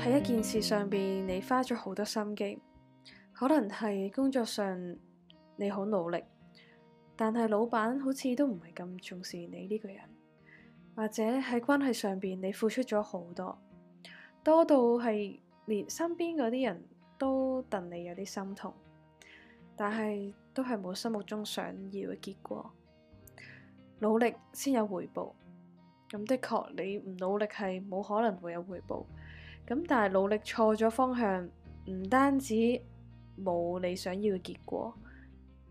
喺一件事上邊，你花咗好多心機，可能係工作上你好努力，但係老闆好似都唔係咁重視你呢個人，或者喺關係上邊你付出咗好多，多到係連身邊嗰啲人都戥你有啲心痛，但係都係冇心目中想要嘅結果。努力先有回報，咁的確你唔努力係冇可能會有回報。咁但係努力錯咗方向，唔單止冇你想要嘅結果，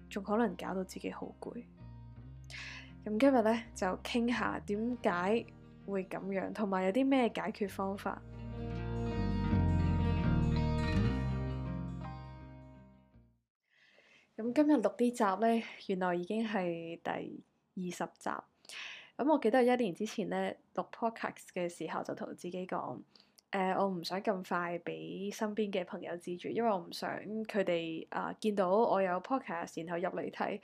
仲可能搞到自己好攰。咁今日咧就傾下點解會咁樣，同埋有啲咩解決方法。咁 今日錄呢集咧，原來已經係第二十集。咁我記得一年之前咧錄 podcast 嘅時候，就同自己講。誒、呃，我唔想咁快俾身邊嘅朋友知住，因為我唔想佢哋啊見到我有 podcast，然後入嚟睇，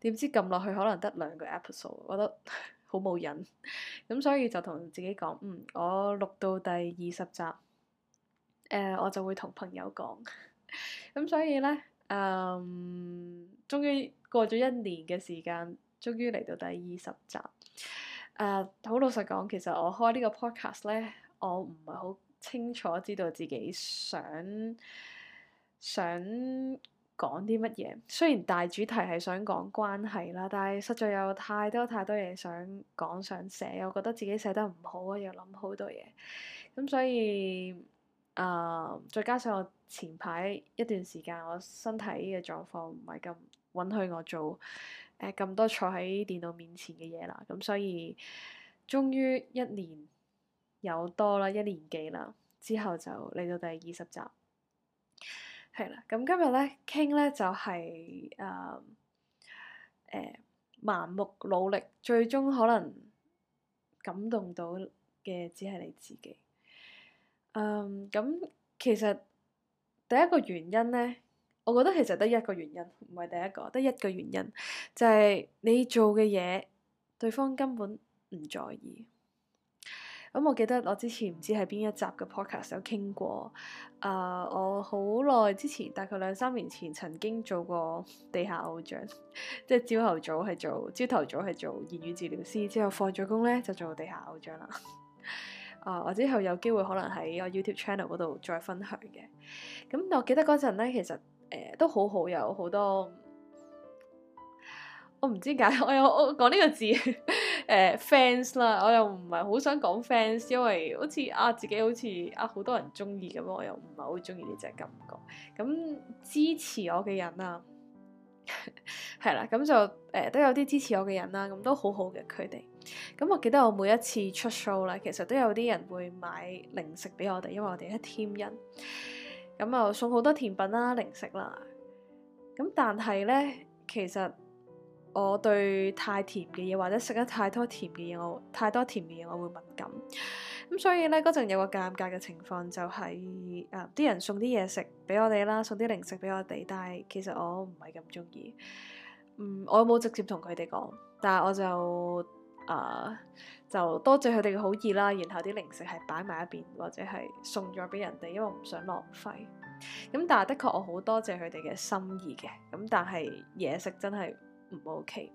點知撳落去可能得兩個 episode，我覺得好冇癮，咁、嗯、所以就同自己講，嗯，我錄到第二十集，誒、呃，我就會同朋友講，咁所以咧，嗯，終於、嗯、過咗一年嘅時間，終於嚟到第二十集，誒、嗯，好老實講，其實我開個呢個 podcast 咧。我唔係好清楚知道自己想想講啲乜嘢，雖然大主題係想講關係啦，但係實在有太多太多嘢想講想寫，我覺得自己寫得唔好啊，又諗好多嘢，咁所以誒、呃，再加上我前排一段時間我身體嘅狀況唔係咁允許我做誒咁、呃、多坐喺電腦面前嘅嘢啦，咁所以終於一年。有多啦，一年幾啦，之後就嚟到第二十集，係啦。咁今日咧傾咧就係誒誒盲目努力，最終可能感動到嘅只係你自己。嗯、呃，咁其實第一個原因咧，我覺得其實得一個原因，唔係第一個，得一個原因就係、是、你做嘅嘢，對方根本唔在意。咁、嗯、我記得我之前唔知喺邊一集嘅 podcast 有傾過，啊、呃，我好耐之前，大概兩三年前曾經做過地下偶像，即係朝頭早係做，朝頭早係做言語治療師，之後放咗工咧就做地下偶像啦。啊、呃，我之後有機會可能喺我 YouTube channel 嗰度再分享嘅。咁、嗯、我記得嗰陣咧，其實誒、呃、都好好，有好多，我唔知解，我有我講呢個字。 誒、uh, fans 啦，我又唔係好想講 fans，因為好似啊自己好似啊好多人中意咁我又唔係好中意呢隻感覺，咁支持我嘅人、啊、 啦，係啦，咁就誒都有啲支持我嘅人啦、啊，咁都好好嘅佢哋。咁我記得我每一次出 show 啦，其實都有啲人會買零食俾我哋，因為我哋一 team 人，咁啊送好多甜品啦、零食啦。咁但係咧，其實。我對太甜嘅嘢或者食得太多甜嘅嘢，我太多甜嘅嘢我會敏感。咁所以呢，嗰陣有個尷尬嘅情況就係、是，啊、嗯、啲人送啲嘢食俾我哋啦，送啲零食俾我哋，但係其實我唔係咁中意。我冇直接同佢哋講，但係我就，啊、呃、就多謝佢哋嘅好意啦。然後啲零食係擺埋一邊，或者係送咗俾人哋，因為我唔想浪費。咁但係的確我好多謝佢哋嘅心意嘅。咁但係嘢食真係～唔 OK，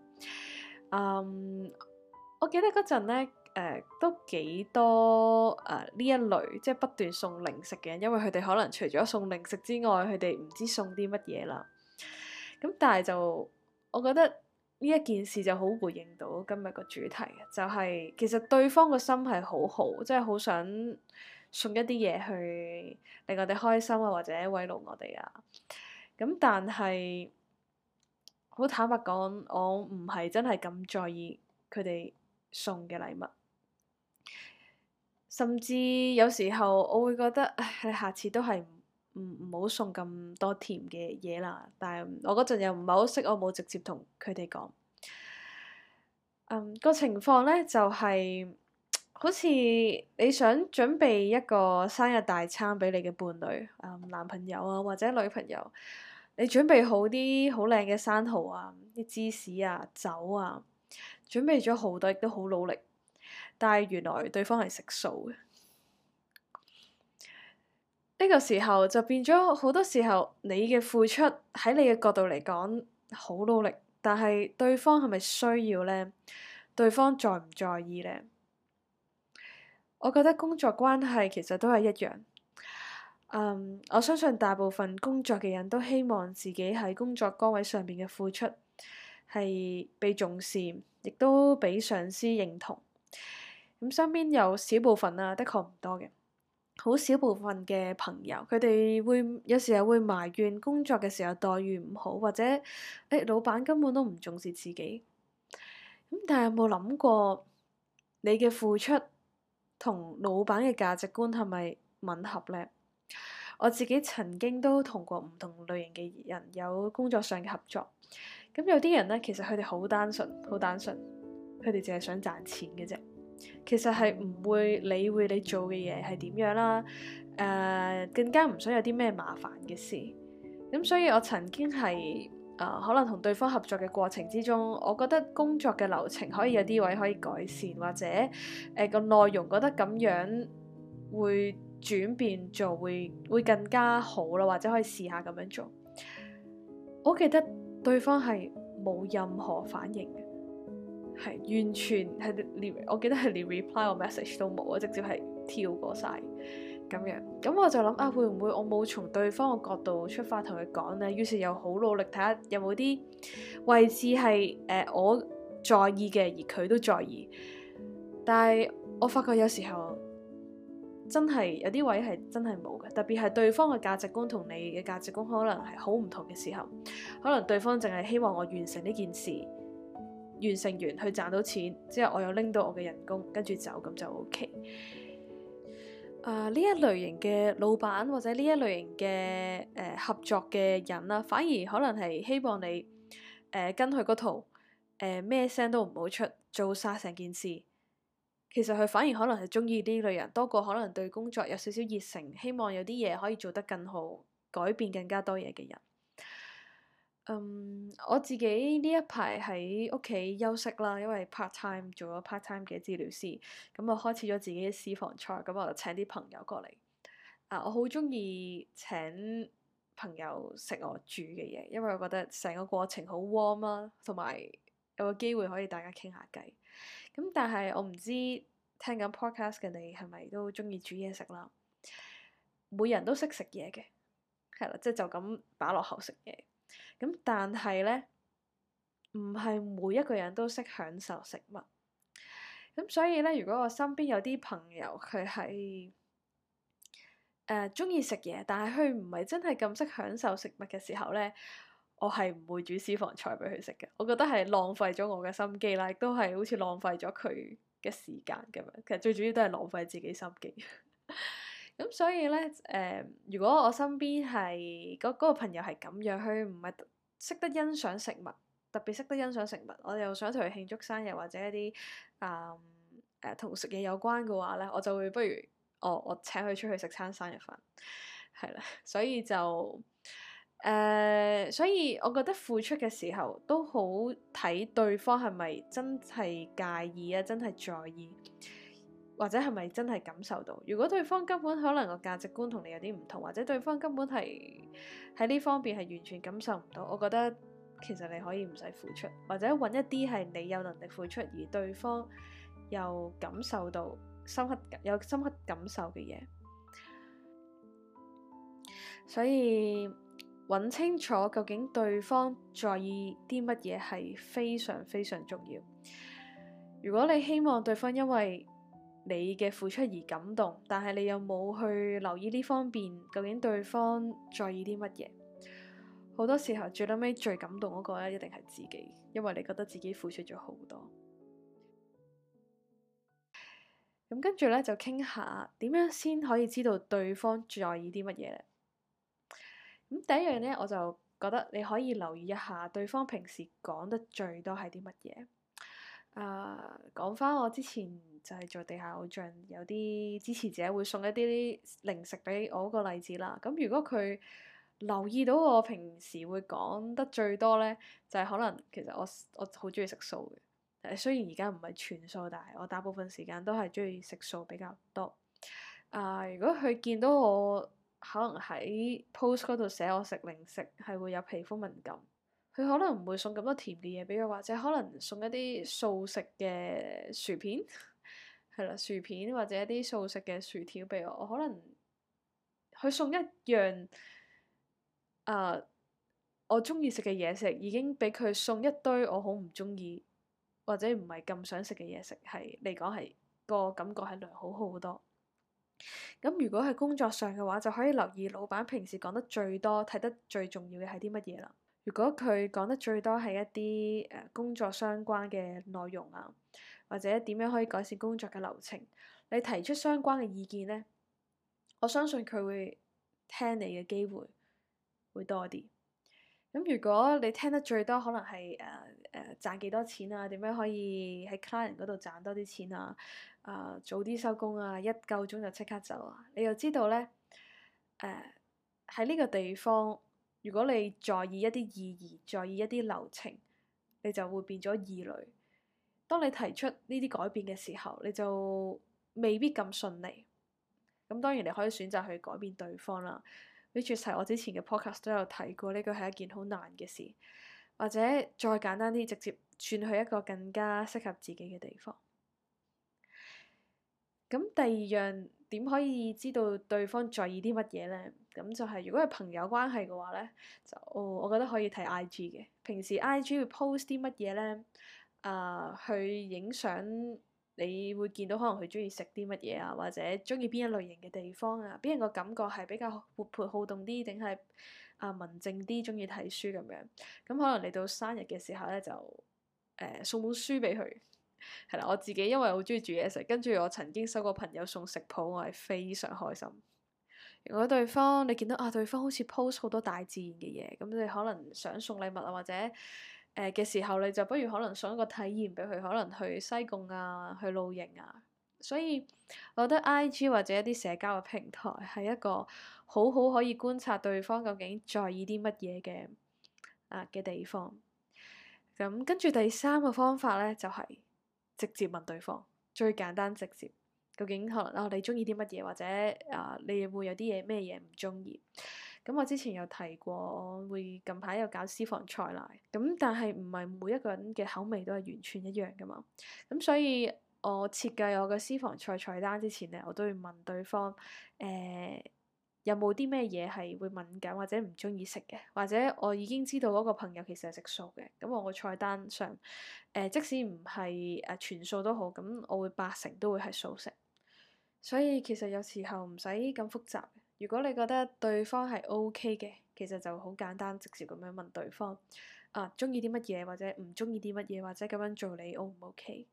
嗯，我記得嗰陣咧，誒、呃、都幾多誒呢、呃、一類，即、就、係、是、不斷送零食嘅人，因為佢哋可能除咗送零食之外，佢哋唔知送啲乜嘢啦。咁、嗯、但係就，我覺得呢一件事就好回應到今日個主題，就係、是、其實對方個心係好好，即係好想送一啲嘢去令我哋開心啊，或者慰勞我哋啊。咁、嗯、但係。好坦白講，我唔係真係咁在意佢哋送嘅禮物，甚至有時候我會覺得，你下次都係唔唔好送咁多甜嘅嘢啦。但係我嗰陣又唔係好識，我冇直接同佢哋講。嗯，個情況咧就係，好似你想準備一個生日大餐俾你嘅伴侶，嗯，男朋友啊或者女朋友。你準備好啲好靚嘅生蠔啊，啲芝士啊，酒啊，準備咗好多，亦都好努力。但係原來對方係食素嘅，呢個時候就變咗好多時候，你嘅付出喺你嘅角度嚟講好努力，但係對方係咪需要呢？對方在唔在意呢？我覺得工作關係其實都係一樣。Um, 我相信大部分工作嘅人都希望自己喺工作崗位上邊嘅付出係被重視，亦都俾上司認同。咁身邊有少部分啊，的確唔多嘅，好少部分嘅朋友，佢哋會有時候會埋怨工作嘅時候待遇唔好，或者誒、哎、老闆根本都唔重視自己。咁但係有冇諗過，你嘅付出同老闆嘅價值觀係咪吻合咧？我自己曾經都同過唔同類型嘅人有工作上嘅合作，咁有啲人呢，其實佢哋好單純，好單純，佢哋淨係想賺錢嘅啫。其實係唔會理會你做嘅嘢係點樣啦，誒、呃，更加唔想有啲咩麻煩嘅事。咁所以我曾經係誒、呃，可能同對方合作嘅過程之中，我覺得工作嘅流程可以有啲位可以改善，或者誒個、呃、內容覺得咁樣會。轉變做會會更加好啦，或者可以試下咁樣做。我記得對方係冇任何反應嘅，係完全係連我記得係連 reply 或 message 都冇啊，直接係跳過晒咁樣。咁我就諗啊，會唔會我冇從對方嘅角度出發同佢講咧？於是又好努力睇下有冇啲位置係誒、呃、我在意嘅，而佢都在意。但係我發覺有時候。真係有啲位係真係冇嘅，特別係對方嘅價值觀同你嘅價值觀可能係好唔同嘅時候，可能對方淨係希望我完成呢件事，完成完去賺到錢之後，我又拎到我嘅人工跟住走咁就 O、OK、K。呢、uh, 一類型嘅老闆或者呢一類型嘅、呃、合作嘅人啦，反而可能係希望你、呃、跟佢嗰套，咩、呃、聲都唔好出，做晒成件事。其實佢反而可能係中意呢類人多過可能對工作有少少熱誠，希望有啲嘢可以做得更好，改變更加多嘢嘅人。嗯，我自己呢一排喺屋企休息啦，因為 part time 做咗 part time 嘅治療師，咁我開始咗自己嘅私房菜，咁我就請啲朋友過嚟。我好中意請朋友食我煮嘅嘢，因為我覺得成個過程好 warm 啦，同埋。有個機會可以大家傾下偈。咁但係我唔知聽緊 podcast 嘅你係咪都中意煮嘢食啦？每人都識食嘢嘅，係啦，即係就咁把落口食嘢。咁但係咧，唔係每一個人都識享受食物。咁所以咧，如果我身邊有啲朋友佢係誒中意食嘢，但係佢唔係真係咁識享受食物嘅時候咧。我係唔會煮私房菜俾佢食嘅，我覺得係浪費咗我嘅心機啦，亦都係好似浪費咗佢嘅時間咁樣。其實最主要都係浪費自己心機。咁 所以呢，誒、嗯，如果我身邊係嗰、那個嗰個朋友係咁樣，佢唔係識得欣賞食物，特別識得欣賞食物，我又想同佢慶祝生日或者一啲誒同食嘢有關嘅話呢，我就會不如我、哦、我請佢出去食餐生日飯，係啦，所以就。誒，uh, 所以我覺得付出嘅時候都好睇對方係咪真係介意啊，真係在意，或者係咪真係感受到？如果對方根本可能個價值觀同你有啲唔同，或者對方根本係喺呢方面係完全感受唔到，我覺得其實你可以唔使付出，或者揾一啲係你有能力付出而對方又感受到深刻、有深刻感受嘅嘢，所以。揾清楚究竟對方在意啲乜嘢，係非常非常重要。如果你希望對方因為你嘅付出而感動，但係你又冇去留意呢方面，究竟對方在意啲乜嘢？好多時候，最撈尾最感動嗰個咧，一定係自己，因為你覺得自己付出咗好多。咁跟住咧，就傾下點樣先可以知道對方在意啲乜嘢咧？咁第一樣咧，我就覺得你可以留意一下對方平時講得最多係啲乜嘢。誒，講返我之前就係做地下偶像，有啲支持者會送一啲啲零食俾我嗰個例子啦。咁如果佢留意到我平時會講得最多咧，就係可能其實我我好中意食素嘅。誒，雖然而家唔係全素，但係我大部分時間都係中意食素比較多。誒，如果佢見到我，可能喺 post 嗰度寫我食零食係會有皮膚敏感，佢可能唔會送咁多甜嘅嘢俾我，或者可能送一啲素食嘅薯片，係 啦，薯片或者一啲素食嘅薯條俾我，我可能佢送一樣啊、呃，我鍾意食嘅嘢食已經俾佢送一堆我好唔鍾意或者唔係咁想食嘅嘢食，係嚟講係個感覺係良好好多。咁如果係工作上嘅話，就可以留意老闆平時講得最多、睇得最重要嘅係啲乜嘢啦。如果佢講得最多係一啲工作相關嘅內容啊，或者點樣可以改善工作嘅流程，你提出相關嘅意見呢，我相信佢會聽你嘅機會會多啲。咁如果你聽得最多可能係誒誒賺幾多錢啊？呃、點樣可以喺 client 嗰度賺多啲錢啊？啊早啲收工啊，一夠鐘就即刻走啊！你又知道咧誒喺呢、呃、個地方，如果你在意一啲意義，在意一啲流程，你就會變咗異類。當你提出呢啲改變嘅時候，你就未必咁順利。咁當然你可以選擇去改變對方啦。呢個係我之前嘅 podcast 都有提過，呢個係一件好難嘅事，或者再簡單啲，直接轉去一個更加適合自己嘅地方。咁第二樣點可以知道對方在意啲乜嘢呢？咁就係、是、如果係朋友關係嘅話呢，就、哦、我覺得可以睇 I G 嘅平時 I G 會 post 啲乜嘢呢？呃、去影相。你會見到可能佢中意食啲乜嘢啊，或者中意邊一類型嘅地方啊，俾人個感覺係比較活潑好動啲，定係啊文靜啲，中意睇書咁樣。咁可能嚟到生日嘅時候咧，就誒、呃、送本書俾佢。係啦，我自己因為好中意煮嘢食，跟住我曾經收過朋友送食譜，我係非常開心。如果對方你見到啊，對方好似 post 好多大自然嘅嘢，咁你可能想送禮物啊，或者～嘅時候，你就不如可能送一個體驗俾佢，可能去西貢啊，去露營啊。所以，我覺得 IG 或者一啲社交嘅平台係一個好好可以觀察對方究竟在意啲乜嘢嘅嘅地方。咁跟住第三個方法呢，就係直接問對方，最簡單直接，究竟可能啊你中意啲乜嘢，或者啊你會有啲嘢咩嘢唔中意？咁我之前有提過，我會近排有搞私房菜喇，咁但係唔係每一個人嘅口味都係完全一樣噶嘛，咁所以我設計我嘅私房菜菜單之前咧，我都會問對方誒、呃、有冇啲咩嘢係會敏感或者唔中意食嘅，或者我已經知道嗰個朋友其實係食素嘅，咁我個菜單上誒即使唔係誒全素都好，咁我會八成都會係素食，所以其實有時候唔使咁複雜。如果你覺得對方係 O K 嘅，其實就好簡單，直接咁樣問對方啊，鍾意啲乜嘢，或者唔鍾意啲乜嘢，或者咁樣做你 O 唔 O K？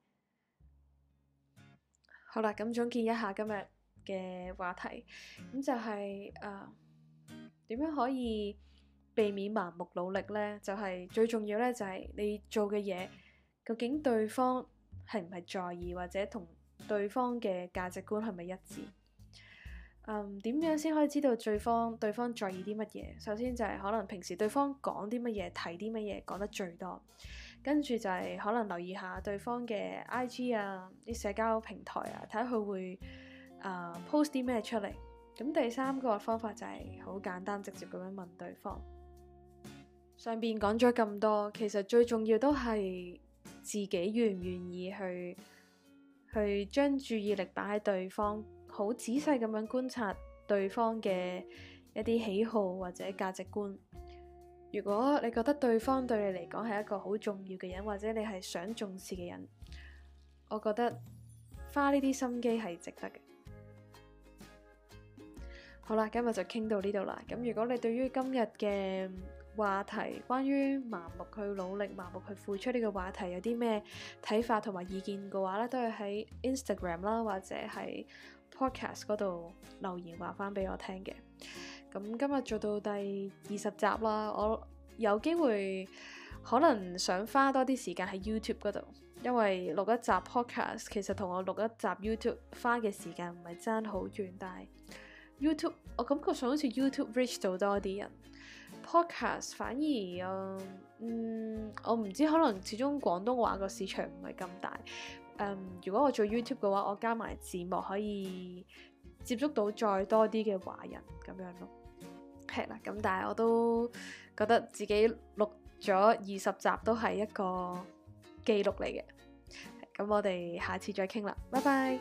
好啦，咁總結一下今日嘅話題，咁就係誒點樣可以避免盲目努力咧？就係、是、最重要咧，就係你做嘅嘢究竟對方係唔係在意，或者同對方嘅價值觀係咪一致？嗯，點樣先可以知道對方對方在意啲乜嘢？首先就係可能平時對方講啲乜嘢、睇啲乜嘢講得最多，跟住就係可能留意下對方嘅 IG 啊啲社交平台啊，睇下佢會、呃、post 啲咩出嚟。咁第三個方法就係好簡單，直接咁樣問對方。上邊講咗咁多，其實最重要都係自己願唔願意去去將注意力擺喺對方。好仔細咁樣觀察對方嘅一啲喜好或者價值觀。如果你覺得對方對你嚟講係一個好重要嘅人，或者你係想重視嘅人，我覺得花呢啲心機係值得嘅。好啦，今日就傾到呢度啦。咁如果你對於今日嘅話題，關於盲目去努力、盲目去付出呢個話題，有啲咩睇法同埋意見嘅話咧，都係喺 Instagram 啦，或者係 Podcast 嗰度留言話翻俾我聽嘅，咁今日做到第二十集啦，我有機會可能想花多啲時間喺 YouTube 嗰度，因為錄一集 Podcast 其實同我錄一集 YouTube 花嘅時間唔係爭好遠，但係 YouTube 我感覺上好似 YouTube reach 到多啲人，Podcast 反而嗯，嗯我唔知可能始終廣東話個市場唔係咁大。Um, 如果我做 YouTube 嘅話，我加埋字幕可以接觸到再多啲嘅華人咁樣咯。係啦，咁但係我都覺得自己錄咗二十集都係一個記錄嚟嘅。咁我哋下次再傾啦，拜拜。